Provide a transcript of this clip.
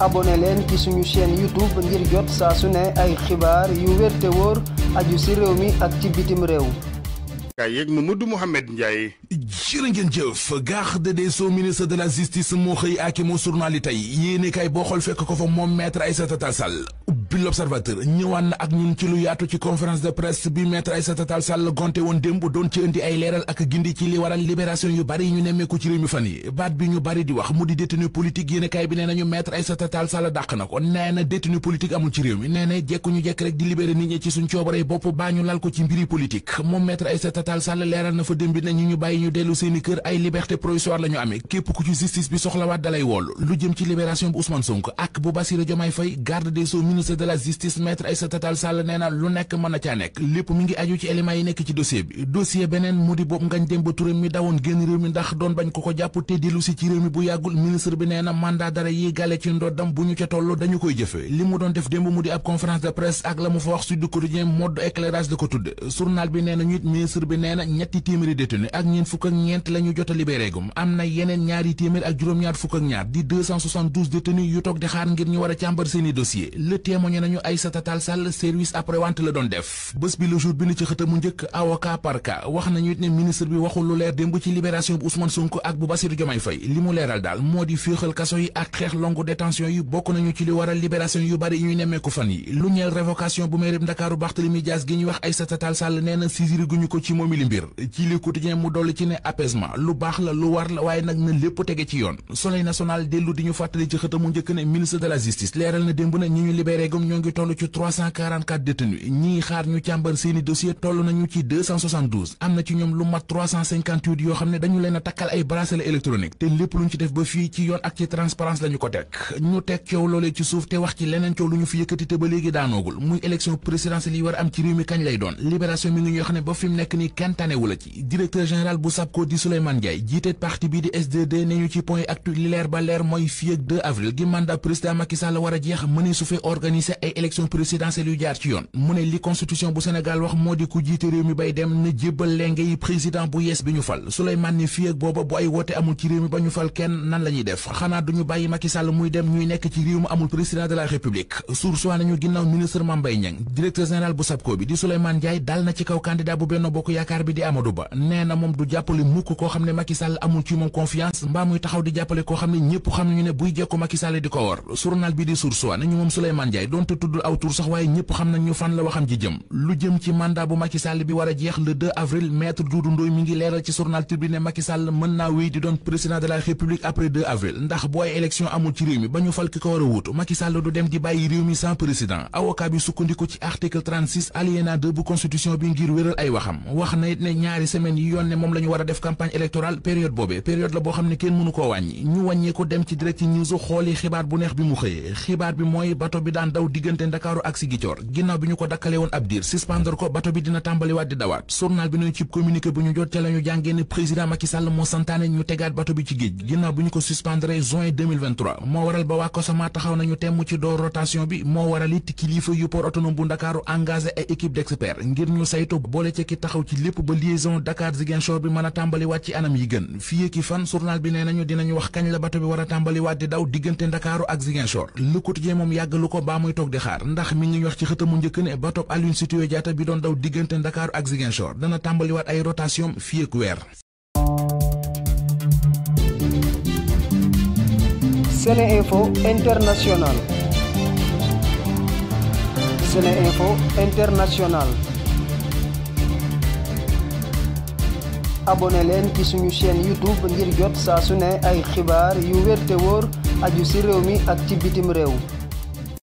abonné leen ci suñu seen YouTube ngir jot saa su ne ay xibaar yu wér te wóor aju ci réew mi ak ci bitim réew. kaay yeeg Mamadou Mouhamed Ndiaye. jërë ngeen jëf garde des sceaux ministre de la justice moo xëy ak moo journal yi tey yéene kaay boo xool fekk ko fa moom maître Aïssata Tall Sall. ubbi l'observateur ñëwaan na ak ñun ci lu yaatu ci conférence de presse bi maître Aïssata Tall Sall gonte woon démb doon ci indi ay leeral ak gindi ci li waral libération ci réew mi fan ci réew coobaree bopp baa ñu lal ko ci mbiri politique moom maître Aïssata Tall Sall leeral na fa démb bi ñu bàyyi ñu dellu seeni kër ay liberté provisoire la ñu képp ku ci justice bi soxlawaat dalay woolu lu jëm ci libération bu Ousmane Sonko ak bu Bassirou Diomaye Faye de la justice maître Aïssata Tall Sall nee na lu nekk mën na nekk lépp mi ngi aju ci éléments yi nekk ci dossier bi dossier beneen mu di boobu ngañ dem ba Touré dawoon génn réew mi ndax doon bañ ko ko jàpp te dellu si ci réew mi bu yàggul ministre bi nee na dara yi gàlle ci ndoddam bu ñu ca toll dañu koy jëfe li mu doon def démb mu di ab conférence de presse ak la mu fa wax Sud Quotidien mode éclairage da ko tudd journal bi nee na ñuit ministre bi témoigné nañu Aïssata Tall Sall service après-vente la doon def bés bi le jour bi ni ci xët mu njëkk avocat par wax nañu it ministre bi waxul leer démb ci libération bu Ousmane Sonko ak bu Bassirou Diomaye Faye li mu leeral daal moo di féexal kaso yi ak xeex longue détention yi bokk nañu ci li waral libération yu bari yi ñuy nemmeeku fan yi lu ñeel révocation bu mairie Ndakaaru Barthélémy Dias gi ñuy wax Aïssata Tall Sall nee na ko ci moomi mbir ci li jagum ñoo ngi toll ci 344 détenus ñii xaar ñu càmbar seeni dossier toll nañu ci am na ci ñoom lu mat yoo xam ne dañu leen takkal ay bracelet électronique te lépp luñ ci def ba fii ci yoon ak ci transparence lañu ko teg ñu teg coow loolee ci suuf te wax ci leneen coow lu ñu fi yëkkati te ba léegi daanoogul muy élection présidentielle yi war am ci réew mi kañ lay doon libération mi ngi ñoo xam ba fi nekk nii kenn tanewula ci ci point actu organiser ay élection présidentielle yu jaar ci yoon mu ne li bu Sénégal wax moo di ku jiite réew mi bay dem na bu yees bi ñu fal Souleymane ni fii ak booba bu ay ñu fal kenn nan la ñuy def xanaa duñu bàyyi Macky Sall muy dem ñuy nekk ci réew mu amul président de la République sursoi nañu ginnaaw ministre Mame Mbaye Niang directeur général bu SAPCO bi di Souleymane Ndiaye dal na ci kaw candidat bu Benno Bokk Yaakaar bi di Amadou Ba nee na moom du jàppale mukk koo xam ne Macky Sall amul ci moom confiance mbaa muy taxaw di jàppale koo xam ne ñëpp xam nañu ne buy jekku Macky Sall di ko war journal bi di sursoi nañu moom Souleymane Ndiaye donte tuddul aw tur waaye ñëpp xam nañ ñu fan la waxam ji jëm lu jëm ci mandat bu Macky bi war jeex le avril maître Doudou Ndoye mi ngi leeral ci journal Tribune ne Macky mën naa wéy di doon président de la République après avril ndax boo ay élection amul ci réew mi ba ñu fal ki ko war a wuutu Macky du dem di bàyyi réew mi sans président avocat bi sukkandiku ci article 36 alinéa bu constitution bi ngir wéral ay waxam wax na ne ñaari diggante Ndakaaru ak Sigicoor ginnaaw bi ñu ko dakkale woon ab diir suspendre ko bato bi dina tàmbaliwaat di dawaat journal bi nañu cib communiqué bu ñu jot ca la ñu jàngee ne président Macky Sall moo santaane ñu tegaat bato bi ci géej ginnaaw bi ñu ko suspendre juin 2023 moo waral ba waa Kosama taxaw nañu temm ci door rotation bi moo waral it kilifa yu port autonome bu Ndakaaru engagé ay équipe d'experts ngir ñu saytu boole ci ki taxaw ci lépp ba liaison Dakar Ziguinchor bi mën a tàmbaliwaat ci anam yi gën fii ki fan journal bi nee nañu dinañu wax kañ la bato bi war a tàmbaliwaat di daw diggante Ndakaaru ak toog ndax mi wax ci njëkk ne bateau bi doon daw diggante Ndakaaru ak Ziguinchor dana tàmbaliwaat ay rotation fii ak weer. Sene Info International. Sene ci suñu chaîne YouTube ngir jot saa su ne ay xibaar yu wér wóor aju ci réew mi ak ci bitim réew.